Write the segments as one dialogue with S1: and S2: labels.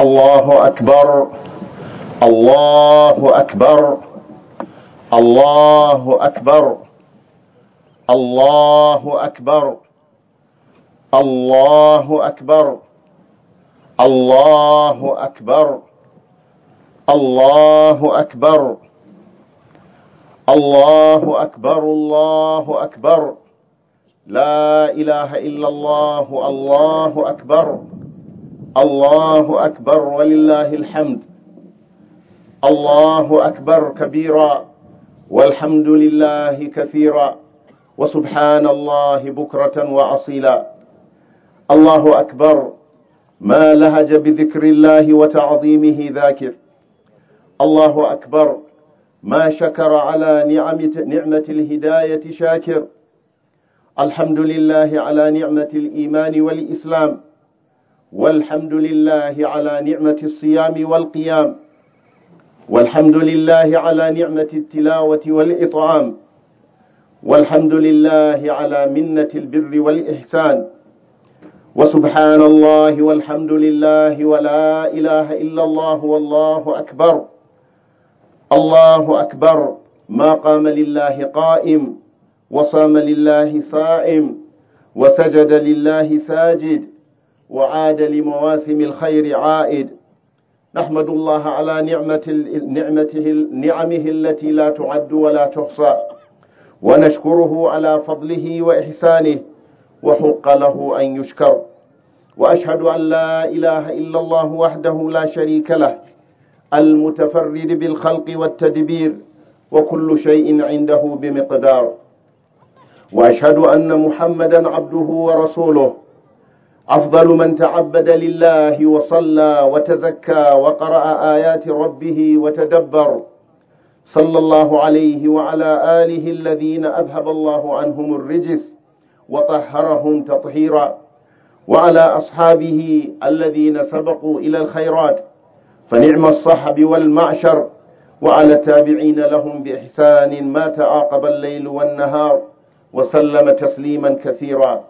S1: الله أكبر الله أكبر الله أكبر الله أكبر الله أكبر الله أكبر الله أكبر الله أكبر الله أكبر لا إله إلا الله الله أكبر الله أكبر ولله الحمد الله أكبر كبيرا والحمد لله كثيرا وسبحان الله بكرة وأصيلا الله أكبر ما لهج بذكر الله وتعظيمه ذاكر الله أكبر ما شكر على نعمة, نعمة الهداية شاكر الحمد لله على نعمة الإيمان والإسلام والحمد لله على نعمة الصيام والقيام والحمد لله على نعمة التلاوة والإطعام والحمد لله على منة البر والإحسان وسبحان الله والحمد لله ولا إله إلا الله والله أكبر الله أكبر ما قام لله قائم وصام لله صائم وسجد لله ساجد وعاد لمواسم الخير عائد نحمد الله على نعمة نعمته نعمه التي لا تعد ولا تحصى ونشكره على فضله وإحسانه وحق له أن يشكر وأشهد أن لا إله إلا الله وحده لا شريك له المتفرد بالخلق والتدبير وكل شيء عنده بمقدار وأشهد أن محمدا عبده ورسوله أفضل من تعبد لله وصلى وتزكى وقرأ آيات ربه وتدبر صلى الله عليه وعلى آله الذين أذهب الله عنهم الرجس وطهرهم تطهيرا وعلى أصحابه الذين سبقوا إلى الخيرات فنعم الصحب والمعشر وعلى التابعين لهم بإحسان ما تعاقب الليل والنهار وسلم تسليما كثيرا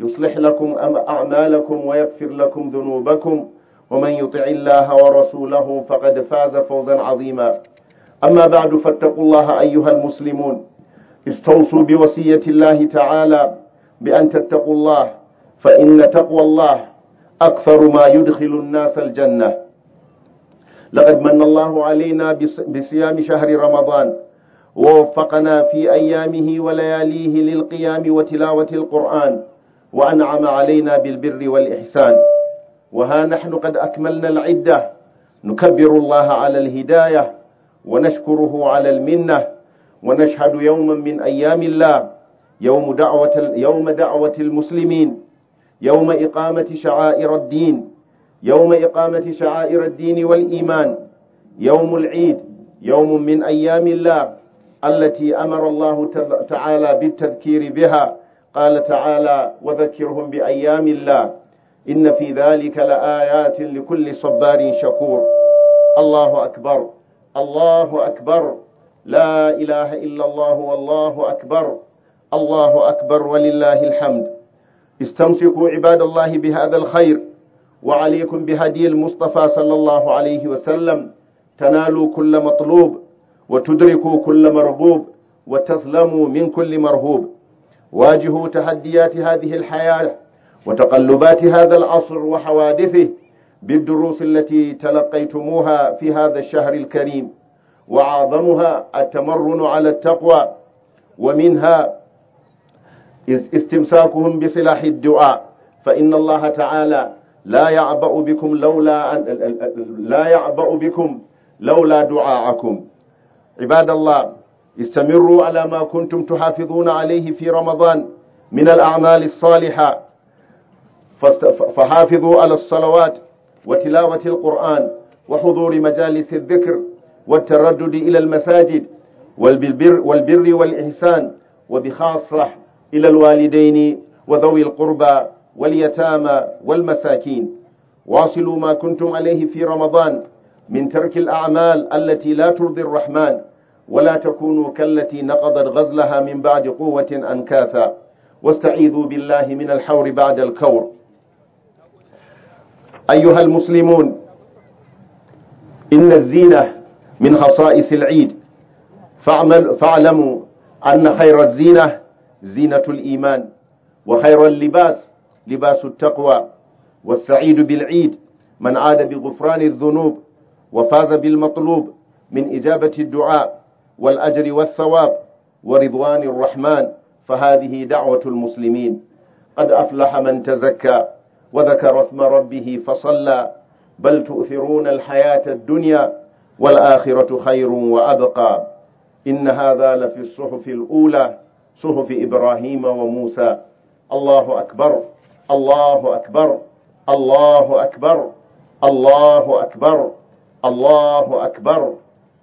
S1: يصلح لكم أعمالكم ويغفر لكم ذنوبكم ومن يطع الله ورسوله فقد فاز فوزا عظيما أما بعد فاتقوا الله أيها المسلمون استوصوا بوصية الله تعالى بأن تتقوا الله فإن تقوى الله أكثر ما يدخل الناس الجنة لقد من الله علينا بصيام شهر رمضان ووفقنا في أيامه ولياليه للقيام وتلاوة القرآن وأنعم علينا بالبر والإحسان وها نحن قد أكملنا العدة نكبر الله على الهداية ونشكره على المنة ونشهد يوما من أيام الله يوم دعوة, يوم دعوة المسلمين يوم إقامة شعائر الدين يوم إقامة شعائر الدين والإيمان يوم العيد يوم من أيام الله التي أمر الله تعالى بالتذكير بها قال تعالى وذكرهم بأيام الله إن في ذلك لآيات لكل صبار شكور الله أكبر الله أكبر لا إله إلا الله والله أكبر الله أكبر ولله الحمد استمسكوا عباد الله بهذا الخير وعليكم بهدي المصطفى صلى الله عليه وسلم تنالوا كل مطلوب وتدركوا كل مربوب وتسلموا من كل مرهوب واجهوا تحديات هذه الحياة
S2: وتقلبات
S1: هذا العصر وحوادثه بالدروس التي تلقيتموها في هذا الشهر الكريم وعظمها التمرن على التقوى ومنها استمساكهم بصلاح الدعاء فإن الله تعالى لا يعبأ بكم لولا أن لا يعبأ بكم لولا دعاءكم عباد الله استمروا على ما كنتم تحافظون عليه في رمضان من الأعمال الصالحة فحافظوا على الصلوات وتلاوة القرآن وحضور مجالس الذكر والتردد إلى المساجد والبر, والبر والإحسان وبخاصة إلى الوالدين وذوي القربى واليتامى والمساكين واصلوا ما كنتم عليه في رمضان من ترك الأعمال التي لا ترضي الرحمن ولا تكونوا كالتي نقضت غزلها من بعد قوة أنكاثا واستعيذوا بالله من الحور بعد الكور أيها المسلمون إن الزينة من خصائص العيد فاعمل فاعلموا أن خير الزينة زينة الإيمان وخير اللباس لباس التقوى والسعيد بالعيد من عاد بغفران الذنوب وفاز بالمطلوب من إجابة الدعاء والأجر والثواب ورضوان الرحمن فهذه دعوة المسلمين قد أفلح من تزكى وذكر اسم ربه فصلى بل تؤثرون الحياة الدنيا والآخرة خير وأبقى إن هذا لفي الصحف الأولى صحف إبراهيم وموسى الله أكبر الله أكبر الله أكبر الله أكبر الله أكبر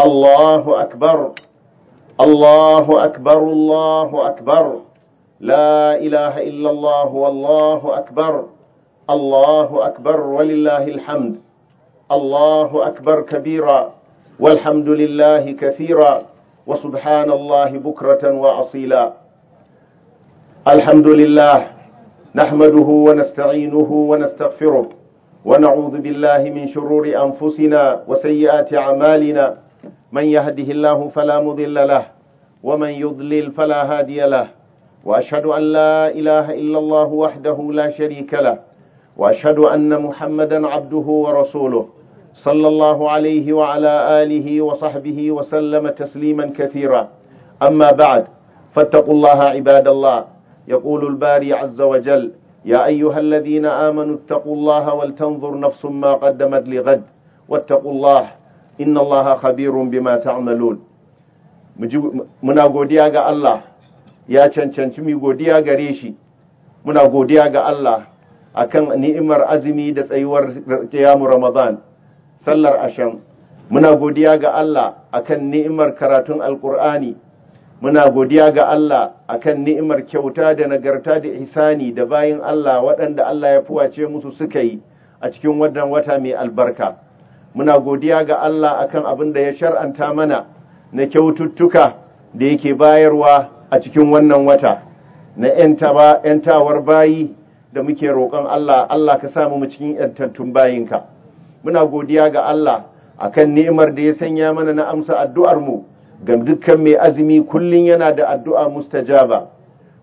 S1: الله أكبر الله أكبر الله أكبر لا إله إلا الله والله أكبر الله أكبر ولله الحمد الله أكبر كبيرا والحمد لله كثيرا وسبحان الله بكرة وأصيلا الحمد لله نحمده ونستعينه ونستغفره ونعوذ بالله من شرور أنفسنا وسيئات أعمالنا من يهده الله فلا مضل له ومن يضلل فلا هادي له وأشهد أن لا إله إلا الله وحده لا شريك له وأشهد أن محمدا عبده ورسوله صلى الله عليه وعلى آله وصحبه وسلم تسليما كثيرا أما بعد فاتقوا الله عباد الله يقول الباري عز وجل يا أيها الذين آمنوا اتقوا الله ولتنظر نفس ما قدمت لغد واتقوا الله inna allaha khabirun bima ta'malun muna godiya ga Allah ya cancanci mu godiya gare shi muna godiya ga Allah akan ni'imar azumi da tsayuwar kiyamu ramadan sallar Ashan, muna godiya ga Allah akan ni'imar karatun alkur'ani muna godiya ga Allah akan ni'imar kyauta da nagarta da ihsani da bayin Allah waɗanda Allah ya fuwace musu suka yi a cikin wannan wata mai albarka muna godiya ga Allah akan abin da ya shar'anta mana na kyaututtuka da yake bayarwa a cikin wannan wata na ‘yantawar bayi da muke roƙon Allah, Allah ka samu mu cikin ‘yantattun bayinka. Muna godiya ga Allah akan nemar da ya sanya mana na amsa addu'armu ga dukkan mai azumi kullum yana da addu'a mustajaba.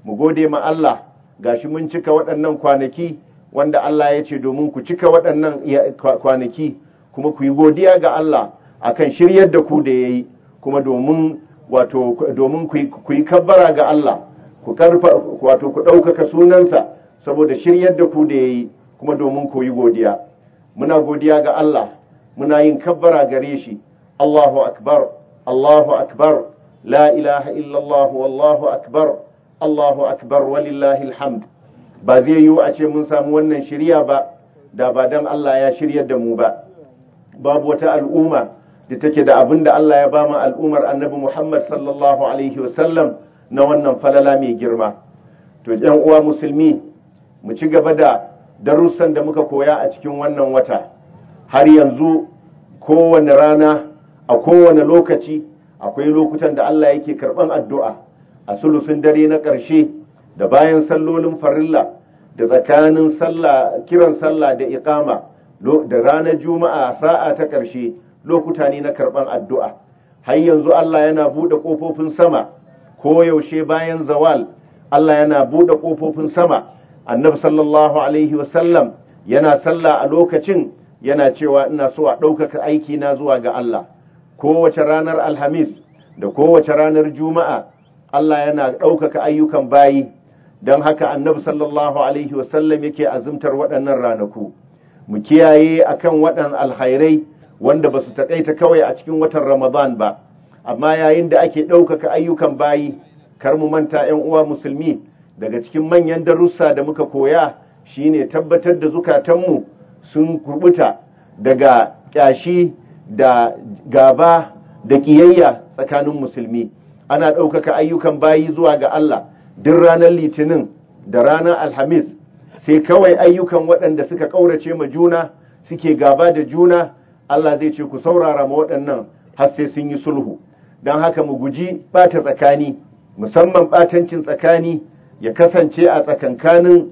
S1: Mu gode ma Allah, ga shi mun cika waɗannan kwanaki wanda Allah ya ce domin ku cika waɗannan kwanaki kuma ku yi godiya ga Allah akan shiryar da ku da yayi kuma domin ku yi kabbara ga Allah ku wato ku ɗaukaka sunansa saboda shiryar da ku da yayi kuma domin ku yi godiya muna godiya ga Allah muna yin kabbara gare shi Allahu akbar Allahu akbar la ilaha illallah wallahu akbar Allahu akbar walillahi alhamd ba zai yiwu a ce mun samu wannan shirya ba da ba dan Allah ya shiryar da mu ba babu wata al'umma da take da abin da Allah ya ba mu al'ummar annabi Muhammad sallallahu alaihi wasallam na wannan falala mai girma to yan uwa musulmi mu ci gaba da darussan da muka koya a cikin wannan wata har yanzu kowane rana a kowane lokaci akwai lokutan da Allah yake karɓan addu'a a sulusun dare na ƙarshe da bayan sallolin farilla da tsakanin kiran sallah da iqama da ranar juma'a sa'a ta ƙarshe lokuta ne na karɓan addu'a har yanzu Allah yana buɗe ƙofofin sama ko yaushe bayan zawal Allah yana buɗe ƙofofin sama annabi sallallahu alaihi wasallam yana sallah a lokacin yana cewa ina so a ɗaukaka aiki na zuwa ga Allah kowace ranar alhamis da kowace ranar juma'a Allah yana ɗaukaka ayyukan bayi don haka annabi sallallahu alaihi wasallam yake azumtar waɗannan ranaku mu kiyaye akan waɗan alhairai wanda ba su taƙaita kawai a cikin watan ramadan ba amma yayin da ake ɗaukaka ayyukan bayi kar mu manta 'yan uwa musulmi daga cikin manyan darussa da muka koya shine tabbatar da zukatanmu sun kurbuta daga ƙyashi da gaba da ƙiyayya tsakanin musulmi ana ɗaukaka ayyukan bayi zuwa ga Allah duk ranar litinin da ranar alhamis sai kawai ayyukan waɗanda suka ƙaurace ma juna suke gaba da juna Allah zai ce ku saurara ma waɗannan har sai sun yi sulhu don haka mu guji ɓata tsakani musamman ɓatancin tsakani ya kasance a tsakankanin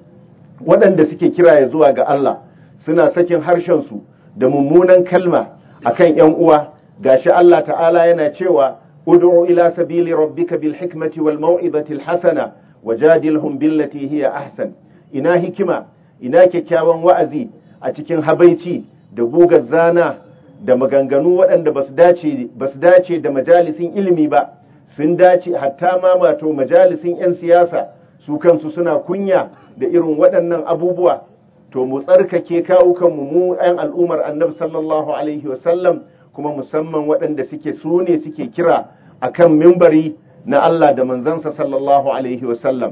S1: waɗanda suke kira ya zuwa ga Allah suna sakin harshensu da mummunan kalma akan ‘yan uwa gashi Allah ta'ala yana cewa ud'u ila sabili rabbika bil hikmati wal mau'izatil hasana wajadilhum billati hiya ahsan ina hikima ina kyakkyawan wa'azi a cikin habaici da gugar zana da maganganu waɗanda ba su dace da majalisin ilimi ba sun dace hatta ma mato majalisin 'yan siyasa su kansu suna kunya da irin waɗannan abubuwa to mu tsarkake kawukanmu mu 'yan al'ummar annabi sallallahu alaihi wasallam kuma musamman waɗanda suke su ne suke kira akan mimbari na Allah da manzansa sallallahu alaihi wasallam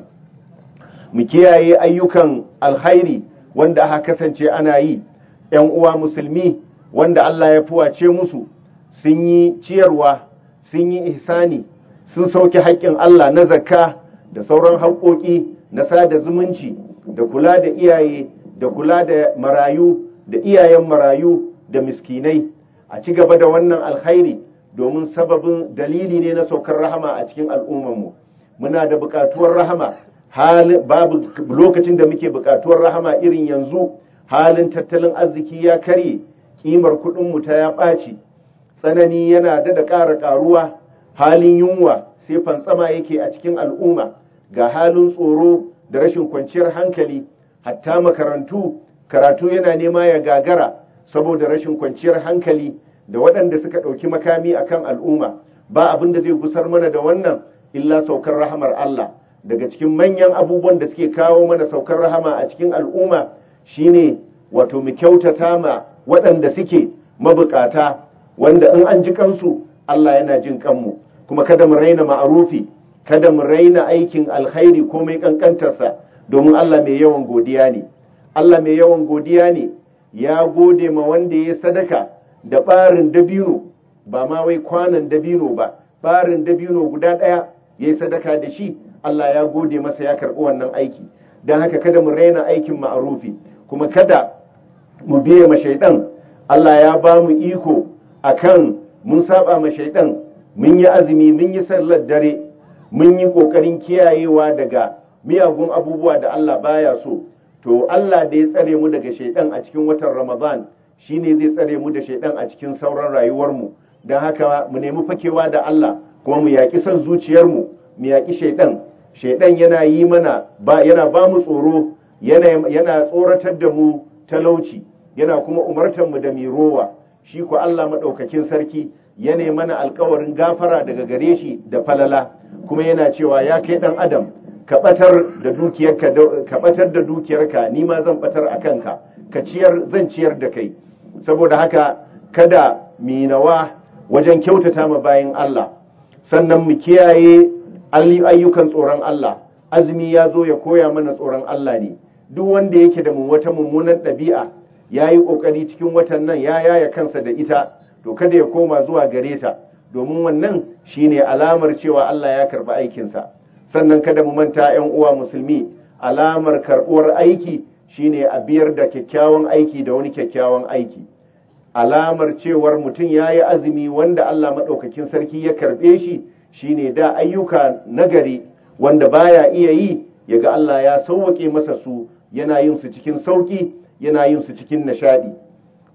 S1: mu kiyaye ayyukan alkhairi wanda aka kasance ana yi ‘yan uwa musulmi wanda Allah ya fuwace musu sun yi ciyarwa sun yi ihsani sun sauke haƙƙin Allah na zakka da sauran haƙoƙi na sada zumunci da kula da iyaye da kula da marayu da iyayen marayu da miskinai a ci gaba da wannan alkhairi domin sababin dalili ne na saukar rahama a cikin al'ummarmu muna da buƙatuwar rahama halin babu lokacin da muke bukatuwar rahama irin yanzu halin tattalin arziki ya karye kimar kuɗin mu ta ya ɓaci tsanani yana da da ƙara ƙaruwa halin yunwa sai fantsama yake a cikin al'umma ga halin tsoro da rashin kwanciyar hankali hatta makarantu karatu yana nema ya gagara saboda rashin kwanciyar hankali da waɗanda suka ɗauki makami akan al'umma ba abin da zai gusar mana da wannan illa saukar rahamar Allah daga cikin manyan abubuwan da suke kawo mana saukar rahama a cikin al'umma shine wato mu kyautata ma waɗanda suke mabukata wanda in an ji kansu Allah yana jin kanmu kuma kada mu raina ma'arufi kada mu raina aikin alkhairi ko mai kankantarsa domin Allah mai yawan godiya ne Allah mai yawan godiya ne ya gode ma wanda ya sadaka da barin dabino ba ma wai kwanan dabino ba barin dabino guda ɗaya ya yi sadaka da shi Allah ya gode masa ya karɓi wannan aiki don haka kada mu raina aikin ma'arufi kuma kada mu biya ma shaidan Allah ya ba mu iko a kan mun saba ma shaidan mun yi azumi mun yi sallar dare mun yi ƙoƙarin kiyayewa daga miyagun abubuwa da Allah baya so to Allah da ya tsare mu daga shaidan a cikin watan Ramadan shine zai tsare mu da shaidan a cikin sauran rayuwarmu. mu don haka mu nemi fakewa da Allah kuma mu yaƙi son zuciyarmu mu yaƙi shaidan shaidan yana yi mana ba yana ba mu tsoro yana yana tsoratar da mu talauci yana kuma umartar mu da mirowa shi ko Allah madaukakin sarki yana mana alkawarin gafara daga gare shi da falala kuma yana cewa ya kai dan adam ka batar da dukiyarka ka batar da dukiyarka ni ma zan batar a kanka ka ciyar zan ciyar da kai saboda haka kada minawa wajen kyautata ma bayin Allah sannan mu kiyaye ayyukan tsoron Allah azumi ya zo ya koya mana tsoron Allah ne duk wanda yake da wata mummunan ɗabi'a ya yi ƙoƙari cikin watan nan ya yaya kansa da ita to kada ya koma zuwa gare ta domin wannan shi ne alamar cewa Allah ya karɓi aikinsa sannan kada mu manta 'yan uwa musulmi alamar karɓuwar aiki shi ne a biyar da kyakkyawan aiki da wani kyakkyawan aiki alamar cewar mutum ya yi azumi wanda Allah maɗaukakin sarki ya karɓe shi shine da ayyuka nagari wanda baya iya yi ya ga Allah ya sauwake masa su yana yin su cikin sauki yana yin su cikin nishadi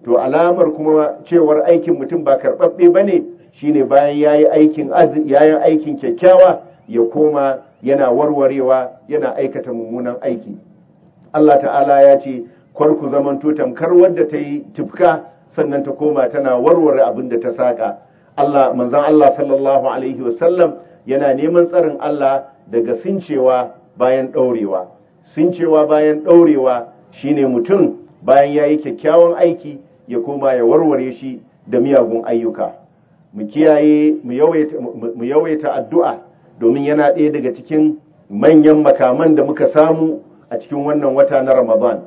S1: to alamar kuma cewar aikin mutum ba karɓaɓɓe ba ne shine bayan ya yi aikin yayin aikin kyakkyawa ya koma yana warwarewa yana aikata mummunan aiki Allah ta'ala ya ce kwarku zamanto tamkar wadda ta yi tifka sannan ta koma tana warware abin da ta saƙa Allah manzon Allah sallallahu alaihi wasallam yana neman tsarin Allah daga sincewa bayan ɗaurewa sincewa bayan ɗaurewa shine mutum bayan ya yi kyakkyawan aiki ya koma ya warware shi da miyagun ayyuka mu kiyaye mu yawaita addu'a domin yana ɗaya daga cikin manyan makaman da muka samu a cikin wannan wata na ramadan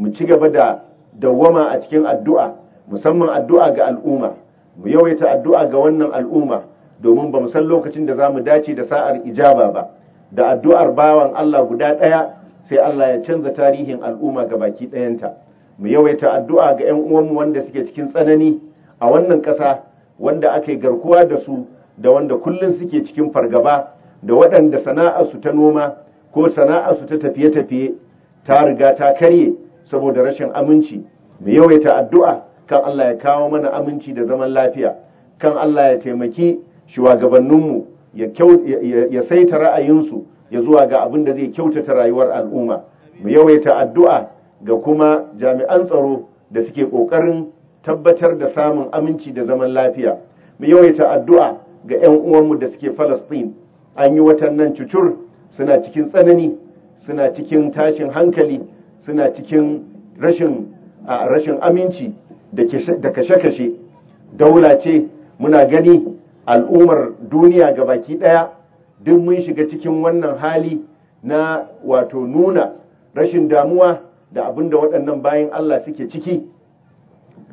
S1: mu ci gaba da dawwama a cikin addu'a musamman addu'a ga al'umma mu yawaita addu'a ga wannan al'umma domin ba mu san lokacin da za mu dace da sa'ar ijaba ba da addu'ar bawan Allah guda ɗaya sai Allah ya canza tarihin al'umma ga baki ɗayanta mu yawaita addu'a ga 'yan uwanmu wanda suke cikin tsanani a wannan ƙasa wanda aka yi garkuwa da su da wanda kullum suke cikin fargaba da waɗanda sana'arsu ta noma ko sana'arsu ta tafiye-tafiye ta riga ta karye saboda rashin aminci mu yawaita addu'a kan Allah ya kawo mana aminci da zaman lafiya kan Allah ya taimaki shugabanninmu ya saita ra'ayinsu ya zuwa ga abin da zai kyautata rayuwar al'umma mu yawaita addu'a ga kuma jami'an tsaro da suke ƙoƙarin tabbatar da samun aminci da zaman lafiya mu yawaita addu'a ga 'yan uwanmu da suke falastin an yi watan nan cucur suna cikin tsanani suna cikin tashin hankali suna cikin rashin aminci da kashe-kashe daula ce muna gani al'ummar duniya ga baki ɗaya duk mun shiga cikin wannan hali na wato nuna rashin damuwa da abin da waɗannan bayan Allah suke ciki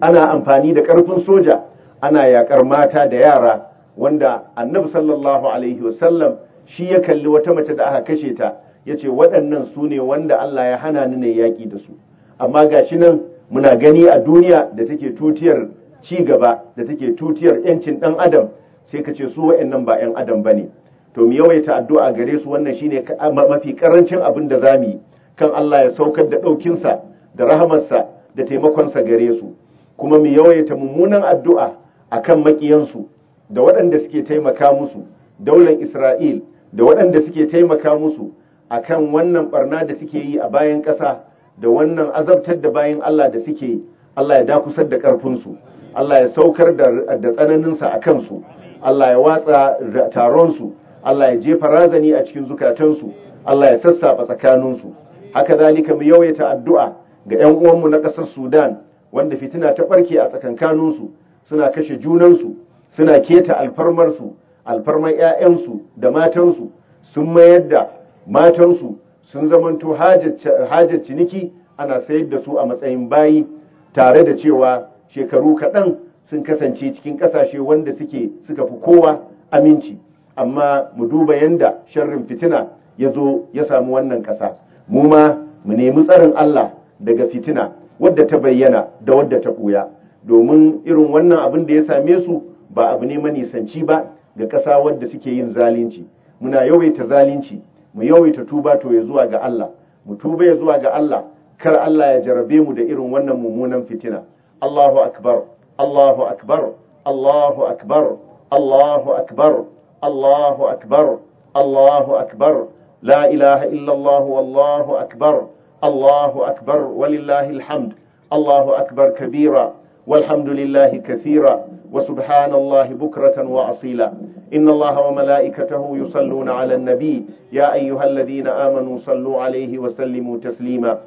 S1: ana amfani da ƙarfin soja ana yaƙar mata da yara wanda annabi sallallahu alaihi wasallam shi ya kalli wata mace da aka kashe ta ya ce waɗannan su ne wanda Allah ya hana ni na yaƙi da su amma ga shi nan muna gani a duniya da take tutiyar ci gaba da take tutiyar yancin ɗan adam sai ka ce su wa'annan ba yan adam ne. to mu yawaita addu'a gare su wannan shine mafi karancin abin da zamu yi kan Allah ya saukar da ɗaukinsa da rahamarsa da taimakonsa gare su kuma mu yawaita mummunan addu'a akan makiyan su da waɗanda suke taimaka musu daular Isra'il da waɗanda suke taimaka musu akan wannan ɓarna da suke yi a bayan ƙasa da wannan azabtar da bayan Allah da suke Allah ya dakusar da ƙarfinsu Allah ya saukar da tsananinsa a kansu Allah ya watsa taronsu Allah ya jefa razani a cikin zukatansu Allah ya sassafa tsakaninsu haka zalika mu yawaita addu'a ga 'yan uwanmu na ƙasar Sudan wanda fitina ta ɓarke a tsakankaninsu suna kashe junansu suna keta alfarmarsu alfarmar 'ya'yansu da matansu sun mayar da matansu sun zamanto hajar ciniki ana sayar da su a matsayin bayi tare da cewa shekaru kaɗan sun kasance cikin ƙasashe wanda suke suka fi kowa aminci amma mu duba yanda sharrin fitina ya zo ya samu wannan ƙasa mu ma mu nemi tsarin Allah daga fitina wadda ta bayyana da wadda ta ɓuya domin irin wannan abin da ya same su ba abu ne manisanci ba ga ƙasa wadda suke yin zalunci muna yawaita zalunci mu yawaita tuba to ya zuwa ga Allah mu tuba ya zuwa ga Allah kar Allah ya jarabe mu da irin wannan mummunan fitina Allahu akbar Allahu akbar Allahu akbar Allahu akbar Allahu akbar Allahu akbar la ilaha illa Allah wallahu akbar Allahu akbar walillahil hamd Allahu akbar kabira walhamdulillahi kathira وسبحان الله بكرة وأصيلا إن الله وملائكته يصلون على النبي يا أيها الذين آمنوا صلوا عليه وسلموا تسليما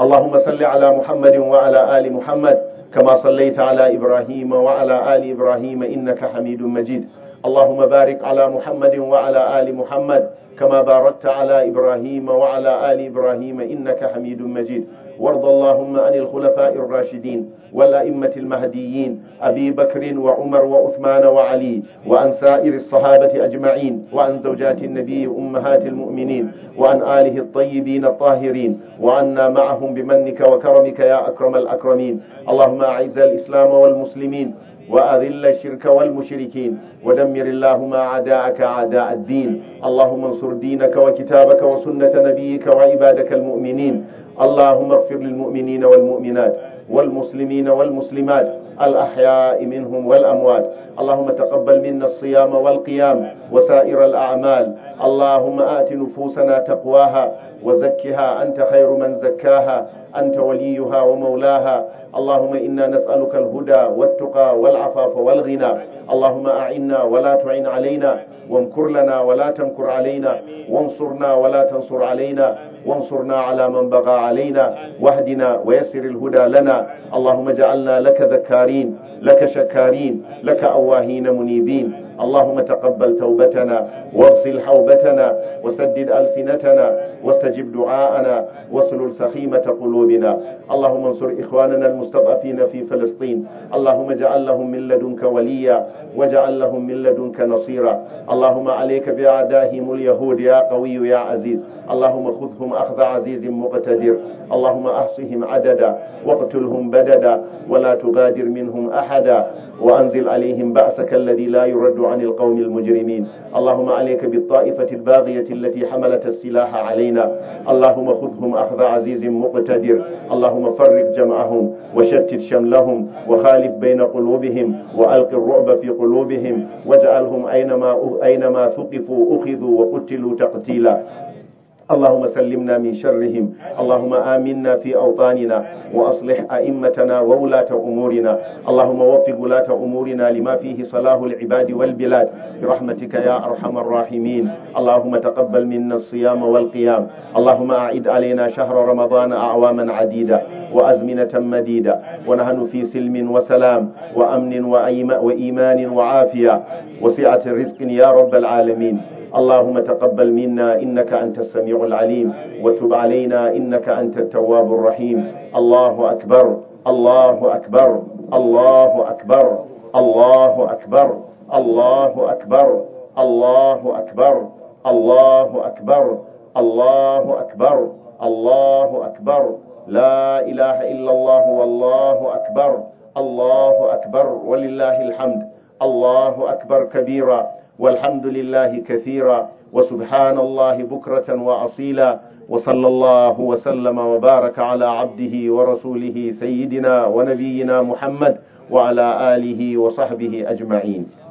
S1: اللهم صل على محمد وعلى آل محمد كما صليت على إبراهيم وعلى آل إبراهيم إنك حميد مجيد اللهم بارك على محمد وعلى آل محمد كما باركت على إبراهيم وعلى آل إبراهيم إنك حميد مجيد وارض اللهم عن الخلفاء الراشدين والأئمة المهديين أبي بكر وعمر وعثمان وعلي وعن سائر الصحابة أجمعين وعن زوجات النبي أمهات المؤمنين وعن آله الطيبين الطاهرين وعنا معهم بمنك وكرمك يا أكرم الأكرمين اللهم أعز الإسلام والمسلمين وأذل الشرك والمشركين ودمر اللهم أعداءك أعداء الدين اللهم انصر دينك وكتابك وسنة نبيك وعبادك المؤمنين اللهم اغفر للمؤمنين والمؤمنات والمسلمين والمسلمات الأحياء منهم والأموات اللهم تقبل منا الصيام والقيام وسائر الأعمال اللهم آت نفوسنا تقواها وزكها أنت خير من زكاها أنت وليها ومولاها اللهم إنا نسألك الهدى والتقى والعفاف والغنى اللهم أعنا ولا تعن علينا وامكر لنا ولا تمكر علينا وانصرنا ولا تنصر علينا وانصرنا على من بغى علينا واهدنا ويسر الهدى لنا اللهم اجعلنا لك ذكارين لك شكارين لك أواهين منيبين اللهم تقبل توبتنا واغسل حوبتنا وسدد ألسنتنا واستجب دعاءنا واصلل سخيمة قلوبنا اللهم انصر إخواننا المستضعفين في فلسطين اللهم اجعل لهم من لدنك وليا واجعل لهم من لدنك نصيرا اللهم عليك بأعدائهم اليهود يا قوي يا عزيز اللهم خذهم أخذ عزيز مقتدر اللهم أحصهم عددا واقتلهم بددا ولا تغادر منهم أحدا وأنزل عليهم بأسك الذي لا يرد عن القوم المجرمين اللهم عليك بالطائفة الباغية التي حملت السلاح علينا علينا اللهم خذهم أخذ عزيز مقتدر اللهم فرق جمعهم وشتت شملهم وخالف بين قلوبهم وألق الرعب في قلوبهم واجعلهم أينما, أينما ثقفوا أخذوا وقتلوا تقتيلا اللهم سلمنا من شرهم اللهم آمنا في أوطاننا وأصلح أئمتنا وولاة أمورنا اللهم وفق ولاة أمورنا لما فيه صلاح العباد والبلاد برحمتك يا أرحم الراحمين اللهم تقبل منا الصيام والقيام اللهم أعد علينا شهر رمضان أعواما عديدة وأزمنة مديدة ونحن في سلم وسلام وأمن وإيمان وعافية وسعة رزق يا رب العالمين اللهم تقبل منا إنك أنت السميع العليم وتب علينا إنك أنت التواب الرحيم الله أكبر الله أكبر الله أكبر الله أكبر الله أكبر الله أكبر الله أكبر الله أكبر الله أكبر لا إله إلا الله والله أكبر الله أكبر ولله الحمد الله أكبر كبيرا والحمد لله كثيرا وسبحان الله بكرة وأصيلا وصلى الله وسلم وبارك على عبده ورسوله سيدنا ونبينا محمد وعلى آله وصحبه أجمعين